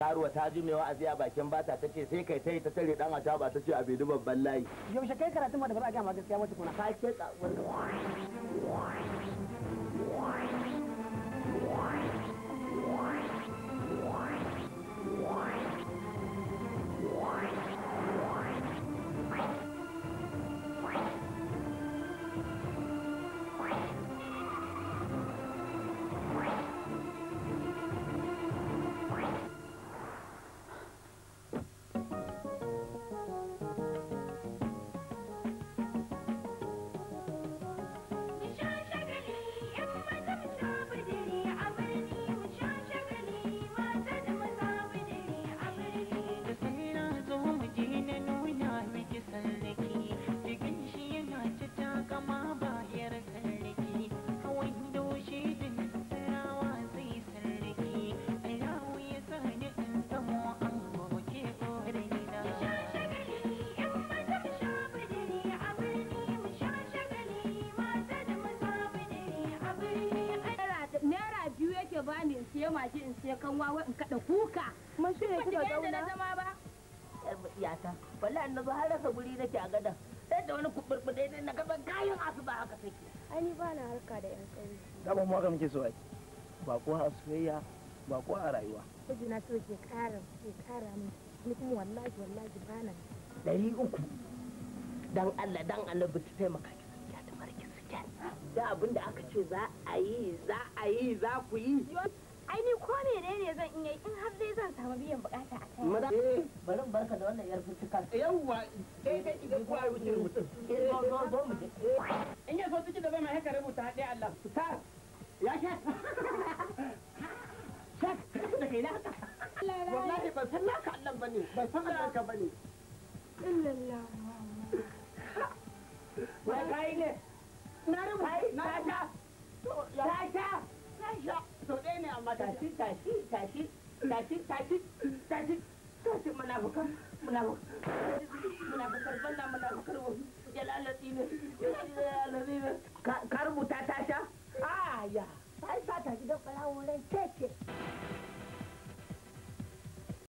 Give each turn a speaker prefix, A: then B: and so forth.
A: karuwa ta ji mai wa'azi a bakin bata ta ce sai kai ta yi ta tare dan ata ba ta ce a bai babban layi yaushe kai karatun ma da ba za a gama gaskiya wata kuna ka ke tsawon siya maji in siya kanwa wai in kada kuka mun shi ne kika zauna da zama ba yar biyata wallahi na zo har rasa guri nake a gadan sai da wani kuburbude ne na gaban kayan ba haka take ani ba na harka da yan kai da ban ga muke so ai ba ko a soyayya ba ko a rayuwa kuji na so ke kara ke kara min ni kuma wallahi wallahi ba na dari uku dan Allah dan Allah bi taimaka ki ya ta marki su da abinda aka ce za a yi za a yi za ku yi in har za zan samu biyan bukata a kai mada bari barka da wannan yar fitika yawwa sai kai ki ga ko ai wuce mutum eh, zo zo mu in ya so ciki da zama haka rubuta dai Allah ya shak da kai na haka wallahi ban san naka Allah bane ban san Allah ka bane illallah wai kai ne na rubuta na tashi tashi tashi tashi munafukan munafukan munafukar banda munafukar wani jalalati ne jalalati ne ka rubuta tasha a ya ai sata gidan barawo rai ce